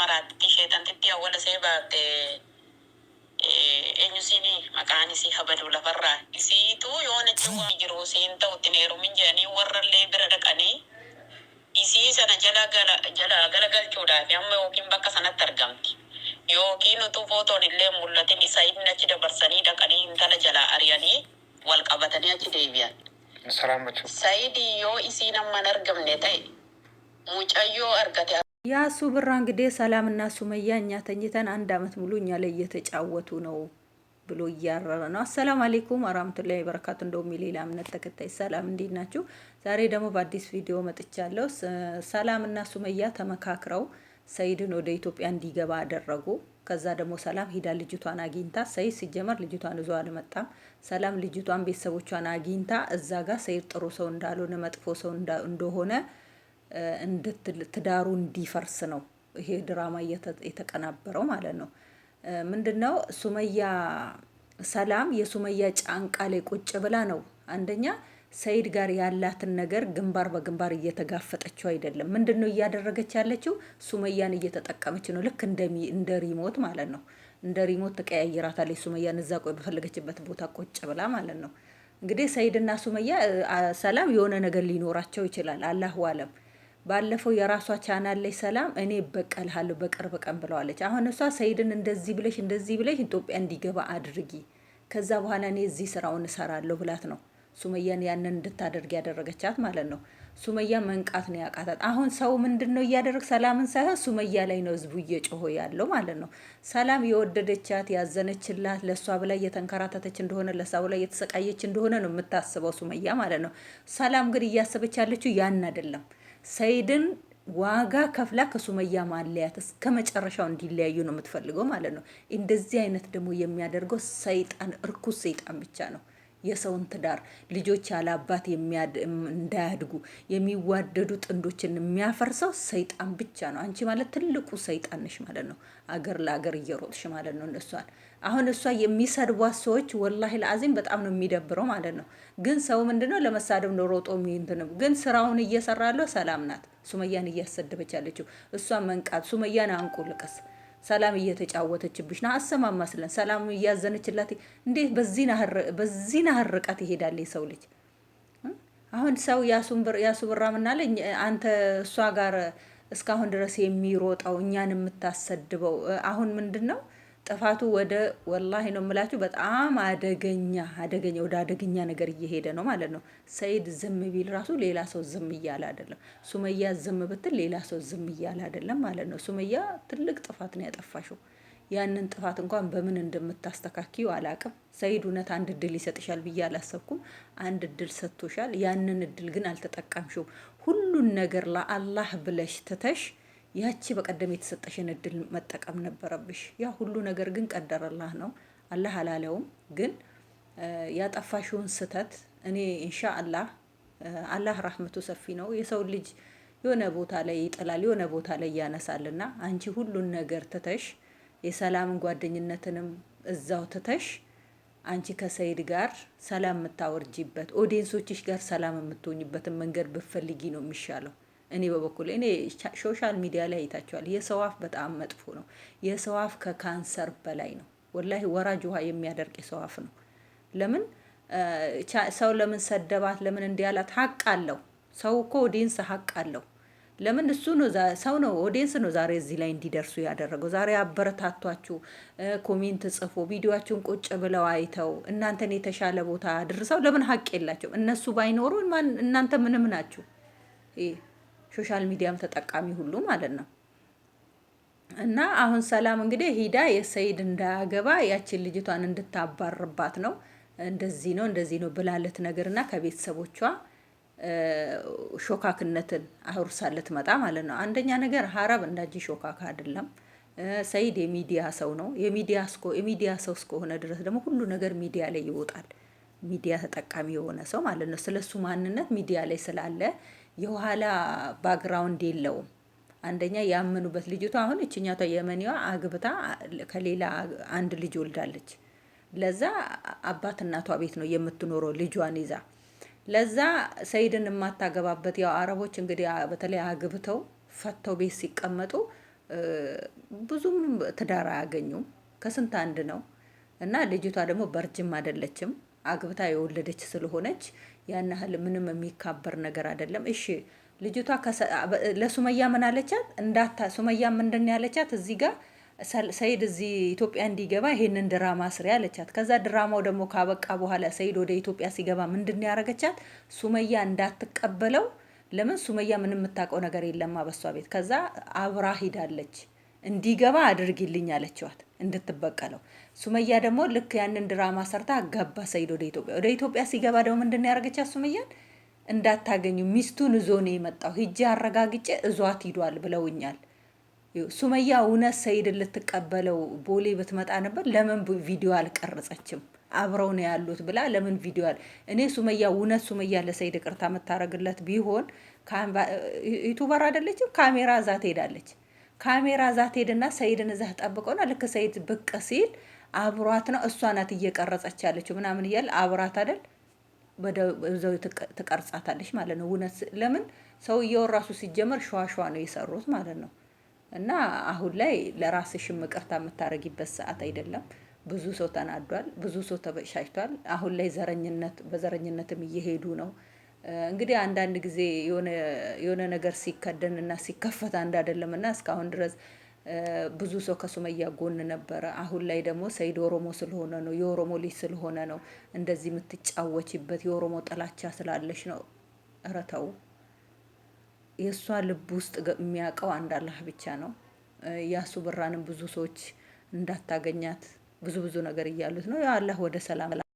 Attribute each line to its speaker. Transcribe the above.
Speaker 1: maratti isheetan xixiqqaa walasee baatte eenyusiin maqaan isii habadu lafarraa isiituu yoona jawaa jiru isiin ta'u ittiin heerumin jedhanii warrallee bira dhaqanii isii sana jala jalaa galagalchuudhaaf amma yookiin bakka sanatti argamti. Yookiin utuu footoon illee mul'atin isa inni achi dabarsanii dhaqanii intala jalaa ari'anii wal qabatanii achi deebi'an. Said yoo isiin amman argamne ta'e mucayyoo argate.
Speaker 2: ያ ሱብራ እንግዲህ ሰላም እና ሱመያ እኛ ተኝተን አንድ አመት ሙሉ እኛ ላይ እየተጫወቱ ነው ብሎ እያረረ ነው። አሰላም አሌይኩም አራምቱላይ በረካቱ። እንደውም የሌላ እምነት ተከታይ ሰላም፣ እንዴት ናችሁ? ዛሬ ደግሞ በአዲስ ቪዲዮ መጥቻለሁ። እና ሱመያ ተመካክረው ሰይድን ወደ ኢትዮጵያ እንዲገባ አደረጉ። ከዛ ደግሞ ሰላም ሂዳ ልጅቷን አግኝታ፣ ሰይድ ሲጀመር ልጅቷን ይዞ አልመጣም። ሰላም ልጅቷን ቤተሰቦቿን አግኝታ እዛ ጋር ሰይድ ጥሩ ሰው እንዳልሆነ መጥፎ ሰው እንደሆነ ትዳሩ እንዲፈርስ ነው ይሄ ድራማ የተቀናበረው ማለት ነው። ምንድነው ሱመያ ሰላም የሱመያ ጫንቃ ላይ ቁጭ ብላ ነው አንደኛ ሰይድ ጋር ያላትን ነገር ግንባር በግንባር እየተጋፈጠችው አይደለም። ምንድን ነው እያደረገች ያለችው? ሱመያን እየተጠቀመች ነው። ልክ እንደ ሪሞት ማለት ነው። እንደ ሪሞት ተቀያይራታለች። ሱመያን እዛ ቆይ በፈለገችበት ቦታ ቁጭ ብላ ማለት ነው። እንግዲህ ሰይድና ሱመያ ሰላም የሆነ ነገር ሊኖራቸው ይችላል። አላሁ አለም ባለፈው የራሷ ቻናል ላይ ሰላም እኔ በቀልሃለሁ በቅርብ ቀን ብለዋለች። አሁን እሷ ሰይድን እንደዚህ ብለሽ እንደዚህ ብለሽ ኢትዮጵያ እንዲገባ አድርጊ፣ ከዛ በኋላ እኔ እዚህ ስራውን እሰራለሁ ብላት ነው ሱመያን ያንን እንድታደርግ ያደረገቻት ማለት ነው። ሱመያ መንቃት ነው ያቃታት። አሁን ሰው ምንድን ነው እያደረግ ሰላምን ሳይሆን ሱመያ ላይ ነው ህዝቡ እየጮሆ ያለው ማለት ነው። ሰላም የወደደቻት ያዘነችላት፣ ለእሷ ብላ እየተንከራተተች እንደሆነ ለእሷ ብላ እየተሰቃየች እንደሆነ ነው የምታስበው ሱመያ ማለት ነው። ሰላም ግን እያሰበች ያለችው ያን አይደለም። ሰይድን ዋጋ ከፍላ ከሱመያ ማለያት እስከ መጨረሻው እንዲለያዩ ነው የምትፈልገው ማለት ነው። እንደዚህ አይነት ደግሞ የሚያደርገው ሰይጣን፣ እርኩስ ሰይጣን ብቻ ነው። የሰውን ትዳር ልጆች ያለ አባት እንዳያድጉ የሚዋደዱ ጥንዶችን የሚያፈርሰው ሰይጣን ብቻ ነው። አንቺ ማለት ትልቁ ሰይጣን ነሽ ማለት ነው። አገር ለአገር እየሮጥሽ ማለት ነው እነሷን አሁን እሷ የሚሰድቧት ሰዎች ወላሂ ለአዚም በጣም ነው የሚደብረው ማለት ነው። ግን ሰው ምንድነው ለመሳደብ ነው ሮጦ ምንድነው ግን ስራውን እየሰራ ያለው ሰላም ናት። ሱመያን እያሰደበች ያለችው እሷ መንቃት ሱመያን አንቁ ልቀስ ሰላም እየተጫወተችብሽ ና አሰማም ማስለን ሰላም እያዘነችላት እንዴት በዚህ ናህር ርቀት ይሄዳል ሰው ልጅ። አሁን ሰው ያሱ ብራ ምናለ አንተ እሷ ጋር እስካሁን ድረስ የሚሮጠው እኛን የምታሰድበው አሁን ምንድን ነው ጥፋቱ ወደ ወላሂ ነው የምላችሁ፣ በጣም አደገኛ አደገኛ ወደ አደገኛ ነገር እየሄደ ነው ማለት ነው። ሰይድ ዝም ቢል ራሱ ሌላ ሰው ዝም እያለ አይደለም። ሱመያ ዝም ብትል ሌላ ሰው ዝም እያለ አይደለም ማለት ነው። ሱመያ ትልቅ ጥፋት ነው ያጠፋሽው። ያንን ጥፋት እንኳን በምን እንደምታስተካክዩ አላቅም። ሰይድ እውነት አንድ እድል ይሰጥሻል ብዬ አላሰብኩም። አንድ እድል ሰጥቶሻል። ያንን እድል ግን አልተጠቀምሽው። ሁሉን ነገር ለአላህ ብለሽ ትተሽ ያቺ በቀደም የተሰጠሽን እድል መጠቀም ነበረብሽ። ያ ሁሉ ነገር ግን ቀደረላህ ነው። አላህ አላለውም። ግን ያጠፋሽውን ስህተት እኔ እንሻ አላህ አላህ ራህመቱ ሰፊ ነው። የሰው ልጅ የሆነ ቦታ ላይ ይጥላል፣ የሆነ ቦታ ላይ ያነሳል እና አንቺ ሁሉን ነገር ትተሽ የሰላምን ጓደኝነትንም እዛው ትተሽ አንቺ ከሰይድ ጋር ሰላም የምታወርጂበት ኦዲየንሶችሽ ጋር ሰላም የምትሆኝበትን መንገድ ብፈልጊ ነው የሚሻለው። እኔ በበኩል እኔ ሶሻል ሚዲያ ላይ አይታችኋል። የሰው አፍ በጣም መጥፎ ነው። የሰው አፍ ከካንሰር በላይ ነው። ወላሂ ወራጅ ውሃ የሚያደርቅ የሰው አፍ ነው። ለምን ሰው ለምን ሰደባት፣ ለምን እንዲያላት ሀቅ አለው። ሰው እኮ ኦዲየንስ ሀቅ አለው። ለምን እሱ ነው ሰው ነው ኦዲየንስ ነው ዛሬ እዚህ ላይ እንዲደርሱ ያደረገው። ዛሬ አበረታቷችሁ ኮሜንት ጽፎ ቪዲዮአችሁን ቁጭ ብለው አይተው እናንተን የተሻለ ቦታ አድርሰው ለምን ሀቅ የላቸው እነሱ ባይኖሩ እናንተ ምንም ናችሁ። ሶሻል ሚዲያም ተጠቃሚ ሁሉ ማለት ነው። እና አሁን ሰላም እንግዲህ ሂዳ የሰይድ እንዳያገባ ያችን ልጅቷን እንድታባርባት ነው። እንደዚህ ነው እንደዚህ ነው ብላለት ነገርና ከቤተሰቦቿ ሾካክነትን አውርሳለት መጣ ማለት ነው። አንደኛ ነገር ሀረብ እንዳጅ ሾካክ አይደለም። ሰይድ የሚዲያ ሰው ነው። የሚዲያ እስኮ የሚዲያ ሰው እስከሆነ ድረስ ደግሞ ሁሉ ነገር ሚዲያ ላይ ይወጣል። ሚዲያ ተጠቃሚ የሆነ ሰው ማለት ነው። ስለሱ ማንነት ሚዲያ ላይ ስላለ የኋላ ባግራውንድ የለውም። አንደኛ ያመኑበት ልጅቷ አሁን እችኛቷ የመኒዋ አግብታ ከሌላ አንድ ልጅ ወልዳለች። ለዛ አባት እናቷ ቤት ነው የምትኖረው ልጇን ይዛ። ለዛ ሰይድን የማታገባበት ያው አረቦች እንግዲህ በተለይ አግብተው ፈተው ቤት ሲቀመጡ ብዙም ትዳር አያገኙም። ከስንት አንድ ነው እና ልጅቷ ደግሞ በርጅም አይደለችም። አግብታ የወለደች ስለሆነች ያን ያህል ምንም የሚካበር ነገር አይደለም። እሺ ልጅቷ ለሱመያ ምን አለቻት? እንዳታ ሱመያ ምንድን ያለቻት? እዚህ ጋር ሰይድ እዚህ ኢትዮጵያ እንዲገባ ይሄንን ድራማ ስሪ አለቻት። ከዛ ድራማው ደግሞ ካበቃ በኋላ ሰይድ ወደ ኢትዮጵያ ሲገባ ምንድን ያረገቻት? ሱመያ እንዳትቀበለው ለምን? ሱመያ ምንም የምታውቀው ነገር የለማ በሷ ቤት። ከዛ አብራ ሂዳለች። እንዲገባ አድርጊልኝ አለችዋት እንድትበቀለው። ሱመያ ደግሞ ልክ ያንን ድራማ ሰርታ ገባ ሰይድ ወደ ኢትዮጵያ። ወደ ኢትዮጵያ ሲገባ ደግሞ ምንድን ያደረገቻት ሱመያን እንዳታገኙ ሚስቱን እዞ ነው የመጣው ሂጅ አረጋግጬ እዟት ሂዷል ብለውኛል። ሱመያ እውነት ሰይድ ልትቀበለው ቦሌ ብትመጣ ነበር ለምን ቪዲዮ አልቀረጸችም? አብረው ነው ያሉት ብላ ለምን ቪዲዮ አለ? እኔ ሱመያ እውነት ሱመያ ለሰይድ ቅርታ የምታደርግለት ቢሆን ዩቱበር አይደለችም፣ ካሜራ እዛ ትሄዳለች። ካሜራ ዛት ሄድና ሰይድን እዛ ጠብቀውና ልክ ሰይድ ብቅ ሲል አብሯት ነው እሷ ናት እየቀረጸች ያለችው ምናምን እያለ አብሯት አይደል በዛው ትቀርጻታለች ማለት ነው። እውነት ለምን ሰውየው ራሱ ሲጀመር ሸዋሸዋ ነው የሰሩት ማለት ነው። እና አሁን ላይ ለራስ ሽምቅርታ የምታደርጊበት ሰዓት አይደለም። ብዙ ሰው ተናዷል፣ ብዙ ሰው ተበሻሽቷል። አሁን ላይ ዘረኝነት በዘረኝነትም እየሄዱ ነው። እንግዲህ አንዳንድ ጊዜ የሆነ ነገር ሲከደንና ሲከፈት አንድ አይደለም እና እስካሁን ድረስ ብዙ ሰው ከሱመያ ጎን ነበረ። አሁን ላይ ደግሞ ሰይድ ኦሮሞ ስለሆነ ነው የኦሮሞ ልጅ ስለሆነ ነው እንደዚህ የምትጫወችበት የኦሮሞ ጥላቻ ስላለች ነው። ኧረ ተው። የእሷ ልብ ውስጥ የሚያውቀው አንድ አላህ ብቻ ነው። ያሱ ብራንም ብዙ ሰዎች እንዳታገኛት ብዙ ብዙ ነገር እያሉት ነው። ያ አላህ ወደ ሰላም